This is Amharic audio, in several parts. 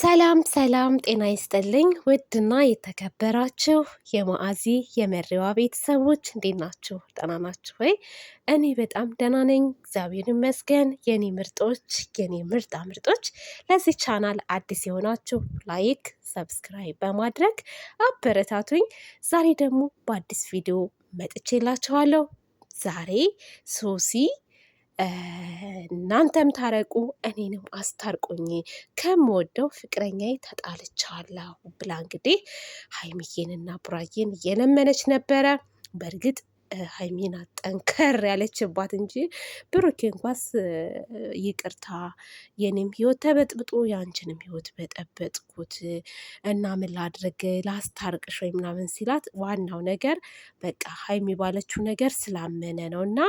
ሰላም ሰላም፣ ጤና ይስጥልኝ ውድና የተከበራችሁ የማዓዚ የመሪዋ ቤተሰቦች እንዴት ናችሁ? ደህና ናችሁ ወይ? እኔ በጣም ደህና ነኝ፣ እግዚአብሔር ይመስገን። የኔ ምርጦች፣ የኔ ምርጣ ምርጦች፣ ለዚህ ቻናል አዲስ የሆናችሁ ላይክ፣ ሰብስክራይብ በማድረግ አበረታቱኝ። ዛሬ ደግሞ በአዲስ ቪዲዮ መጥቼላችኋለሁ። ዛሬ ሶሲ እናንተም ታረቁ እኔንም አስታርቁኝ ከምወደው ፍቅረኛዬ ተጣልቻለሁ ብላ እንግዲህ ሀይሚዬንና ቡራዬን እየለመነች ነበረ። በእርግጥ ሀይሚና ጠንከር ያለችባት እንጂ ብሩኬ እንኳስ ይቅርታ የኔም ህይወት ተበጥብጦ የአንችንም ህይወት በጠበጥኩት እና ምን ላድረግ ላስታርቅሽ ወይ ምናምን ሲላት ዋናው ነገር በቃ ሀይሚ ባለችው ነገር ስላመነ ነው እና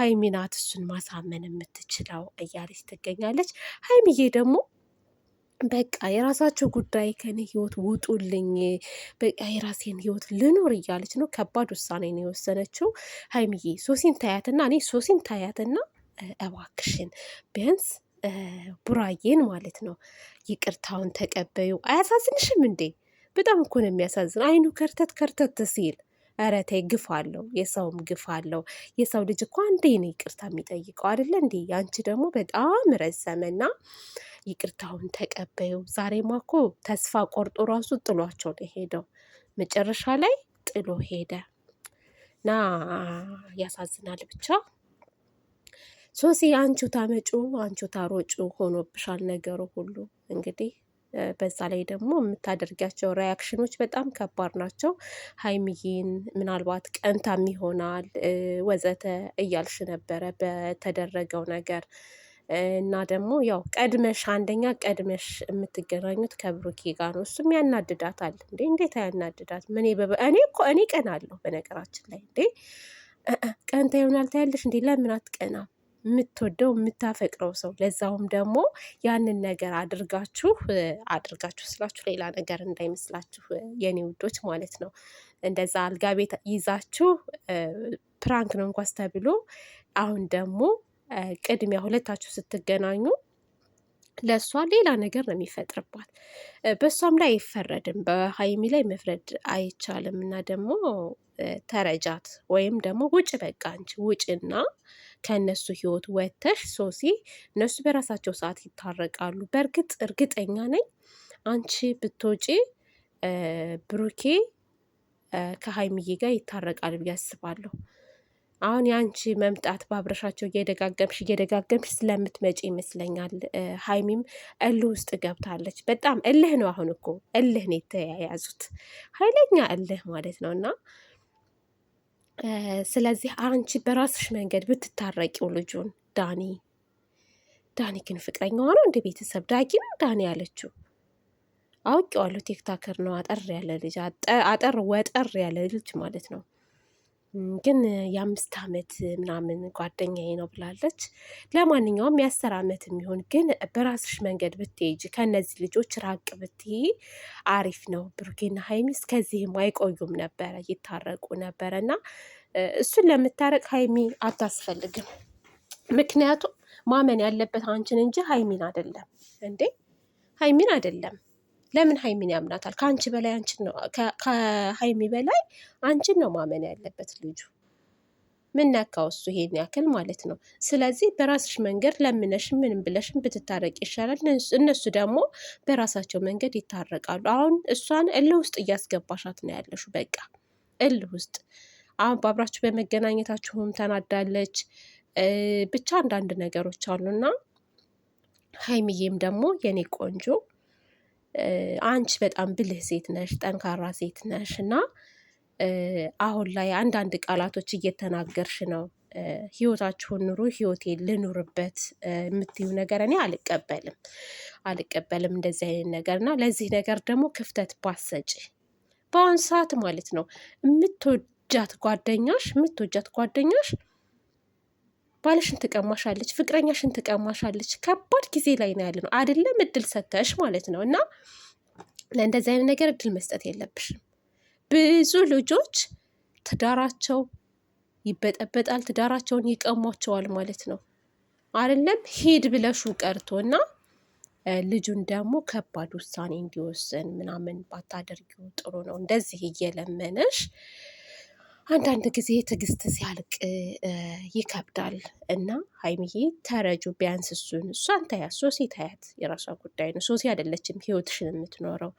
ሀይሚናት እሱን ማሳመን የምትችለው እያለች ትገኛለች። ሀይሚዬ ደግሞ በቃ የራሳቸው ጉዳይ ከኔ ህይወት ውጡልኝ፣ በቃ የራሴን ህይወት ልኖር እያለች ነው። ከባድ ውሳኔ ነው የወሰነችው ሀይሚዬ። ሶሲን ታያትና እኔ ሶሲን ታያትና እባክሽን ቢያንስ ቡራዬን ማለት ነው ይቅርታውን ተቀበዩ። አያሳዝንሽም እንዴ? በጣም እኮ ነው የሚያሳዝን። አይኑ ከርተት ከርተት ሲል ኧረ ተይ ግፍ አለው፣ የሰውም ግፍ አለው። የሰው ልጅ እኮ አንዴ ነው ይቅርታ የሚጠይቀው አይደለ እንዴ? ያንቺ ደግሞ በጣም ረዘመና ይቅርታውን ተቀበዩ። ዛሬማ እኮ ተስፋ ቆርጦ ራሱ ጥሏቸው ነው ሄደው፣ መጨረሻ ላይ ጥሎ ሄደ እና ያሳዝናል ብቻ ሶሲ አንቺው ታመጩ አንቺው ታሮጩ ሆኖብሻል ነገሩ ሁሉ እንግዲህ በዛ ላይ ደግሞ የምታደርጊያቸው ሪያክሽኖች በጣም ከባድ ናቸው። ሀይሚዬን ምናልባት ቀንታም ይሆናል ወዘተ እያልሽ ነበረ በተደረገው ነገር እና ደግሞ ያው ቀድመሽ አንደኛ ቀድመሽ የምትገናኙት ከብሩኬ ጋር ነው። እሱም ያናድዳታል እንዴ! እንዴት ያናድዳት? እኔ እኔ እኮ እኔ ቀናለሁ በነገራችን ላይ እንዴ! ቀንታ ይሆናል ታያለሽ እንዴ! ለምን አትቀናም? የምትወደው የምታፈቅረው ሰው ለዛውም ደግሞ ያንን ነገር አድርጋችሁ አድርጋችሁ ስላችሁ ሌላ ነገር እንዳይመስላችሁ የኔ ውዶች ማለት ነው። እንደዛ አልጋ ቤት ይዛችሁ ፕራንክ ነው እንኳስ ተብሎ አሁን ደግሞ ቅድሚያ ሁለታችሁ ስትገናኙ ለእሷ ሌላ ነገር ነው የሚፈጥርባት። በእሷም ላይ አይፈረድም፣ በሀይሚ ላይ መፍረድ አይቻልም። እና ደግሞ ተረጃት ወይም ደግሞ ውጭ በቃ አንቺ ውጭና ከእነሱ ህይወት ወተሽ ሶሲ፣ እነሱ በራሳቸው ሰዓት ይታረቃሉ። በእርግጥ እርግጠኛ ነኝ አንቺ ብትወጪ ብሩኬ ከሀይሚዬ ጋር ይታረቃል ብዬ አስባለሁ። አሁን የአንቺ መምጣት ባብረሻቸው እየደጋገምሽ እየደጋገምሽ ስለምትመጪ ይመስለኛል ሀይሚም እልህ ውስጥ ገብታለች። በጣም እልህ ነው። አሁን እኮ እልህ ነው የተያያዙት፣ ኃይለኛ እልህ ማለት ነው እና ስለዚህ አንቺ በራስሽ መንገድ ብትታረቂው ልጁን ዳኒ ዳኒ ግን ፍቅረኛ ሆኖ እንደ ቤተሰብ ዳጊ ነው ዳኒ ያለችው አውቄዋለሁ። ቲክታከር ነው። አጠር ያለ ልጅ አጠር ወጠር ያለ ልጅ ማለት ነው። ግን የአምስት ዓመት ምናምን ጓደኛዬ ነው ብላለች። ለማንኛውም የአስር ዓመት የሚሆን ግን በራስሽ መንገድ ብትሄጂ ከእነዚህ ልጆች ራቅ ብትይ አሪፍ ነው። ብሩኬና ሀይሚ እስከዚህም አይቆዩም ነበረ፣ ይታረቁ ነበረ እና እሱን ለምታረቅ ሀይሚ አታስፈልግም። ምክንያቱም ማመን ያለበት አንቺን እንጂ ሀይሚን አይደለም እንዴ ሀይሚን አይደለም። ለምን ሀይሚን ያምናታል? ከአንቺ በላይ አንቺን ነው ከሀይሚ በላይ አንቺን ነው ማመን ያለበት ልጁ። ምን ነካው እሱ ይሄን ያክል ማለት ነው። ስለዚህ በራስሽ መንገድ ለምነሽ ምንም ብለሽም ብትታረቅ ይሻላል። እነሱ ደግሞ በራሳቸው መንገድ ይታረቃሉ። አሁን እሷን እልህ ውስጥ እያስገባሻት ነው ያለሹ። በቃ እልህ ውስጥ አሁን በአብራችሁ በመገናኘታችሁም ተናዳለች። ብቻ አንዳንድ ነገሮች አሉና ሀይሚዬም ደግሞ የኔ ቆንጆ አንቺ በጣም ብልህ ሴት ነሽ፣ ጠንካራ ሴት ነሽ እና አሁን ላይ አንዳንድ ቃላቶች እየተናገርሽ ነው። ህይወታችሁን ኑሩ፣ ህይወቴ ልኑርበት የምትዩ ነገር እኔ አልቀበልም አልቀበልም እንደዚህ አይነት ነገር እና ለዚህ ነገር ደግሞ ክፍተት ባሰጪ በአሁን ሰዓት ማለት ነው የምትወጃት ጓደኛሽ የምትወጃት ጓደኛሽ ባለሽን ትቀማሻለች፣ ፍቅረኛሽን ትቀማሻለች። ከባድ ጊዜ ላይ ነው ያለ ነው አይደለም? እድል ሰተሽ ማለት ነው። እና ለእንደዚህ አይነት ነገር እድል መስጠት የለብሽም። ብዙ ልጆች ትዳራቸው ይበጠበጣል፣ ትዳራቸውን ይቀሟቸዋል ማለት ነው። አይደለም ሂድ ብለሹ ቀርቶ እና ልጁን ደግሞ ከባድ ውሳኔ እንዲወስን ምናምን ባታደርጊው ጥሩ ነው። እንደዚህ እየለመነሽ አንዳንድ ጊዜ ትዕግስት ሲያልቅ ይከብዳል እና ሀይሚዬ ተረጁ ቢያንስ እሱን እሷን ታያት፣ ሶሴ ታያት፣ የራሷ ጉዳይ ነው። ሶሴ አይደለችም ህይወትሽን የምትኖረው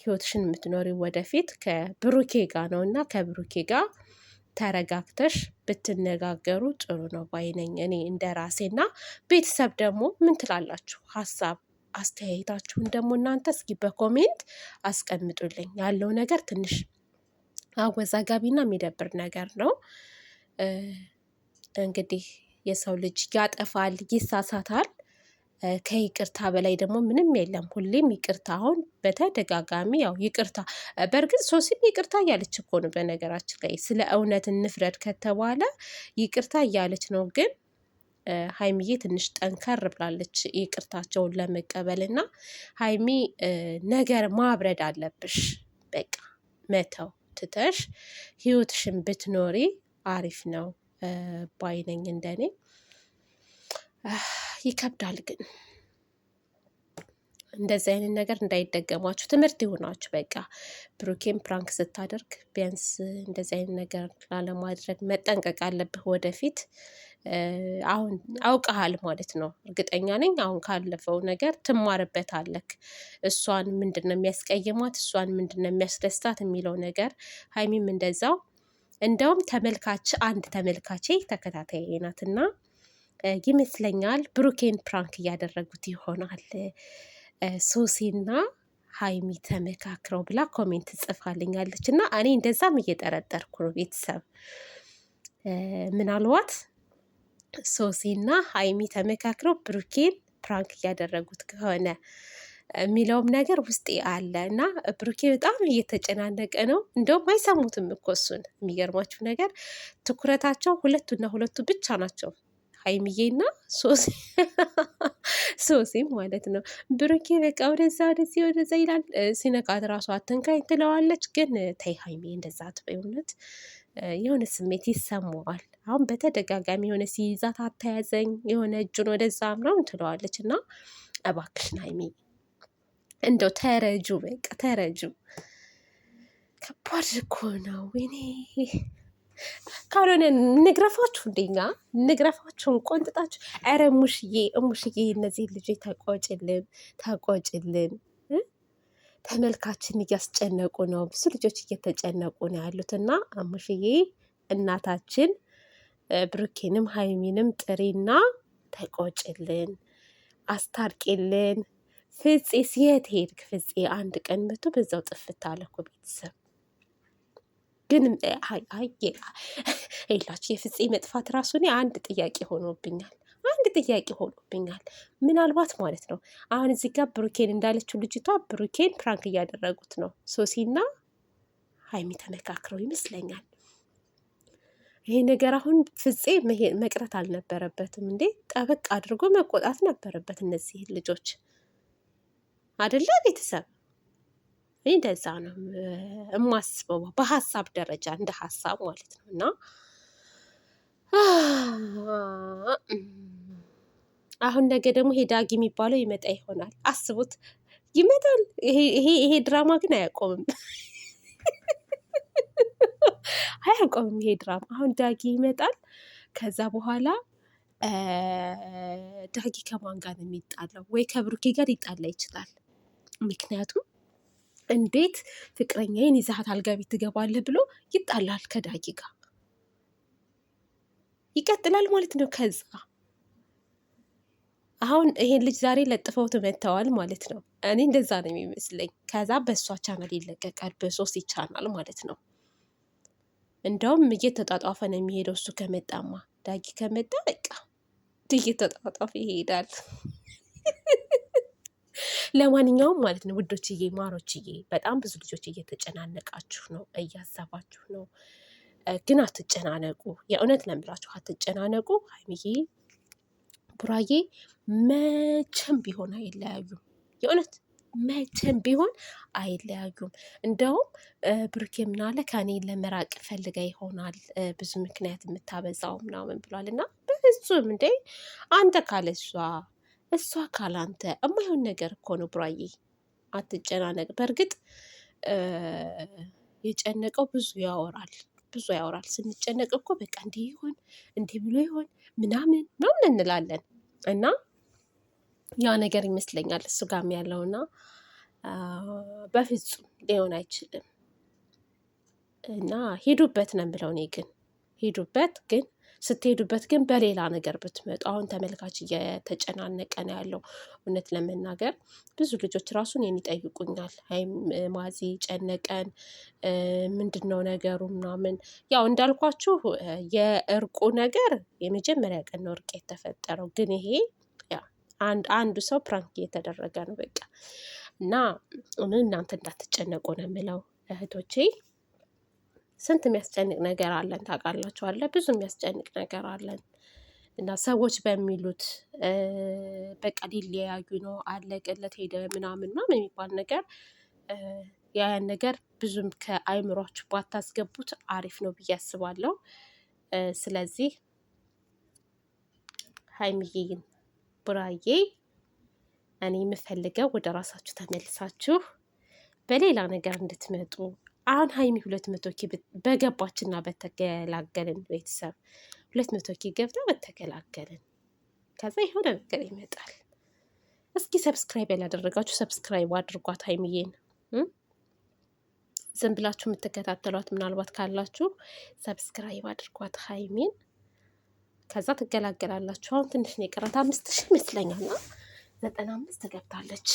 ህይወትሽን የምትኖሪው ወደፊት ከብሩኬ ጋር ነው እና ከብሩኬ ጋር ተረጋግተሽ ብትነጋገሩ ጥሩ ነው ባይነኝ እኔ እንደ ራሴና ቤተሰብ ደግሞ ምን ትላላችሁ? ሀሳብ አስተያየታችሁን ደግሞ እናንተ እስኪ በኮሜንት አስቀምጡልኝ። ያለው ነገር ትንሽ አወዛጋቢና የሚደብር ነገር ነው። እንግዲህ የሰው ልጅ ያጠፋል፣ ይሳሳታል። ከይቅርታ በላይ ደግሞ ምንም የለም። ሁሌም ይቅርታ አሁን በተደጋጋሚ ያው ይቅርታ በእርግጥ ሶሲም ይቅርታ እያለች እኮ ነው። በነገራችን ላይ ስለ እውነት እንፍረድ ከተባለ ይቅርታ እያለች ነው። ግን ሀይሚዬ ትንሽ ጠንከር ብላለች ይቅርታቸውን ለመቀበል እና ሀይሚ ነገር ማብረድ አለብሽ። በቃ መተው ትተሽ ህይወትሽን ብትኖሪ አሪፍ ነው ባይነኝ እንደኔ። ይከብዳል ግን እንደዚህ አይነት ነገር እንዳይደገማችሁ ትምህርት ይሆናችሁ። በቃ ብሩኬን ፕራንክ ስታደርግ ቢያንስ እንደዚህ አይነት ነገር ላለማድረግ መጠንቀቅ አለብህ ወደፊት አሁን አውቀሃል ማለት ነው። እርግጠኛ ነኝ አሁን ካለፈው ነገር ትማርበታለህ። እሷን ምንድን ነው የሚያስቀይማት፣ እሷን ምንድን ነው የሚያስደስታት የሚለው ነገር ሀይሚም እንደዛው። እንደውም ተመልካች አንድ ተመልካቼ ተከታታይ ናትና ይመስለኛል ብሩኬን ፕራንክ እያደረጉት ይሆናል ሶሴና ሀይሚ ተመካክረው ብላ ኮሜንት ጽፋልኛለች እና እኔ እንደዛም እየጠረጠርኩ ነው ቤተሰብ ምናልባት ሶሲና ሀይሚ ተመካክረው ብሩኬን ፕራንክ እያደረጉት ከሆነ የሚለውም ነገር ውስጤ አለ እና ብሩኬ በጣም እየተጨናነቀ ነው። እንደውም አይሰሙትም እኮ እሱን። የሚገርማችሁ ነገር ትኩረታቸው ሁለቱና ሁለቱ ብቻ ናቸው። ሀይሚዬና ሶሴም ማለት ነው። ብሩኬ በቃ ወደዛ ወደዚ ወደዛ ይላል። ሲነቃት ራሷ አትንካኝ ትለዋለች። ግን ተይ ሀይሚ እንደዛ አትበይ እውነት የሆነ ስሜት ይሰማዋል። አሁን በተደጋጋሚ የሆነ ሲይዛት አታያዘኝ የሆነ እጁን ወደዛ ምናምን ትለዋለች እና እባክሽን ሀይሚ እንደው ተረጁ፣ በቃ ተረጁ። ከባድ እኮ ነው። ወይኔ ካልሆነ ንግረፋችሁ፣ እንደኛ ንግረፋችሁን ቆንጥጣችሁ። ኧረ እሙሽዬ እሙሽዬ እነዚህ ልጆች ተቆጭልን፣ ተቆጭልን። ተመልካችን እያስጨነቁ ነው። ብዙ ልጆች እየተጨነቁ ነው ያሉት እና አሙሽዬ እናታችን ብሩኬንም ሀይሚንም ጥሪና ተቆጭልን፣ አስታርቂልን። ፍፄ ሲየት ሄድክ? ፍፄ አንድ ቀን መቶ በዛው ጥፍት አለኩ ቤተሰብ ግን ይላችሁ የፍፄ መጥፋት ራሱ እኔ አንድ ጥያቄ ሆኖብኛል። አንድ ጥያቄ ሆኖብኛል። ምናልባት ማለት ነው አሁን እዚህ ጋር ብሩኬን እንዳለችው ልጅቷ ብሩኬን ፕራንክ እያደረጉት ነው። ሶሲና ሀይሚ ተመካክረው ይመስለኛል። ይሄ ነገር አሁን ፍፄ መቅረት አልነበረበትም እንዴ! ጠበቅ አድርጎ መቆጣት ነበረበት እነዚህ ልጆች አደለ ቤተሰብ እንደዛ ነው የማስበው፣ በሀሳብ ደረጃ እንደ ሀሳብ ማለት ነው እና አሁን ነገ ደግሞ ይሄ ዳጊ የሚባለው ይመጣ ይሆናል። አስቡት፣ ይመጣል። ይሄ ድራማ ግን አያቆምም አያቆምም ይሄ ድራማ። አሁን ዳጊ ይመጣል። ከዛ በኋላ ዳጊ ከማን ጋር ነው የሚጣለው? ወይ ከብሩኬ ጋር ሊጣላ ይችላል። ምክንያቱም እንዴት ፍቅረኛዬን ይዛሀት አልጋ ቤት ትገባለህ ብሎ ይጣላል ከዳጊ ጋር ይቀጥላል ማለት ነው ከዛ አሁን ይሄን ልጅ ዛሬ ለጥፈውት መጥተዋል ማለት ነው። እኔ እንደዛ ነው የሚመስለኝ። ከዛ በእሷ ቻናል ይለቀቃል፣ በሶስት ይቻናል ማለት ነው። እንደውም እየተጧጧፈ ነው የሚሄደው። እሱ ከመጣማ ዳጊ ከመጣ በቃ እየተጧጧፈ ይሄዳል። ለማንኛውም ማለት ነው ውዶችዬ፣ ማሮችዬ በጣም ብዙ ልጆች እየተጨናነቃችሁ ነው፣ እያሰባችሁ ነው። ግን አትጨናነቁ። የእውነት ለምላችሁ አትጨናነቁ። ሀይሚዬ ቡራዬ መቼም ቢሆን አይለያዩም። የእውነት መቼም ቢሆን አይለያዩም። እንደውም ብሩኬ ምናለ ከኔ ለመራቅ ፈልጋ ይሆናል ብዙ ምክንያት የምታበዛው ምናምን ብሏል። እና በፍጹም እንዴ አንተ ካለ እሷ እሷ ካላንተ እማይሆን ነገር እኮ ነው። ቡራዬ አትጨናነቅ። በእርግጥ የጨነቀው ብዙ ያወራል ብዙ ያወራል። ስንጨነቅ እኮ በቃ እንዲህ ይሆን እንዲህ ብሎ ይሆን ምናምን ምናምን እንላለን። እና ያ ነገር ይመስለኛል እሱ ጋም ያለውና በፍጹም ሊሆን አይችልም እና ሄዱበት ነው የምለው እኔ ግን ሄዱበት ግን ስትሄዱበት ግን በሌላ ነገር ብትመጡ። አሁን ተመልካች እየተጨናነቀ ነው ያለው። እውነት ለመናገር ብዙ ልጆች ራሱን የሚጠይቁኛል ሀይም ማዚ ጨነቀን፣ ምንድን ነው ነገሩ ምናምን። ያው እንዳልኳችሁ የእርቁ ነገር የመጀመሪያ ቀን ነው እርቅ የተፈጠረው። ግን ይሄ አንዱ ሰው ፕራንክ እየተደረገ ነው በቃ እና ምን እናንተ እንዳትጨነቁ ነው የምለው እህቶቼ። ስንት የሚያስጨንቅ ነገር አለን ታውቃላችሁ፣ አለ ብዙ የሚያስጨንቅ ነገር አለን እና ሰዎች በሚሉት በቃ ሊለያዩ ነው አለቀለት ሄደ ምናምን ምናምን የሚባል ነገር ያን ነገር ብዙም ከአይምሯችሁ ባታስገቡት አሪፍ ነው ብዬ አስባለሁ። ስለዚህ ሀይሚዬን ቡራዬ እኔ የምፈልገው ወደ ራሳችሁ ተመልሳችሁ በሌላ ነገር እንድትመጡ አሁን ሀይሚ ሁለት መቶ ኬ በገባችና በተገላገልን ቤተሰብ ሁለት መቶ ኬ ገብታ በተገላገልን። ከዛ የሆነ ነገር ይመጣል። እስኪ ሰብስክራይብ ያላደረጋችሁ ሰብስክራይብ አድርጓት ሀይሚዬን። ዝም ብላችሁ የምትከታተሏት ምናልባት ካላችሁ ሰብስክራይብ አድርጓት ሀይሚን። ከዛ ትገላገላላችሁ። አሁን ትንሽ ነው የቀራት፣ አምስት ሺህ ይመስለኛል። ዘጠና አምስት ገብታለች።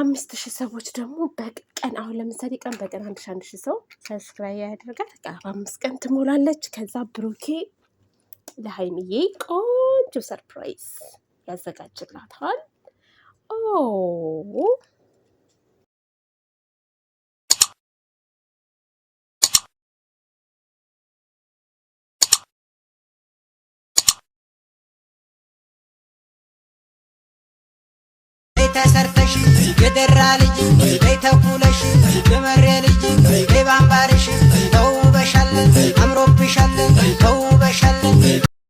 አምስት ሺህ ሰዎች ደግሞ በቀን አሁን ለምሳሌ ቀን በቀን አንድ ሺህ አንድ ሺህ ሰው ሰብስክራይብ ያደርጋል። በአምስት ቀን ትሞላለች። ከዛ ብሩኬ ለሀይንዬ ቆንጆ ሰርፕራይዝ ያዘጋጅላታል። ኦ ተሰርተ ደራ ልጅ በይ ተኩለሽ ልጅ በይ ባምባርሽ ተውበሻለን አምሮብሻለን ተውበሻለን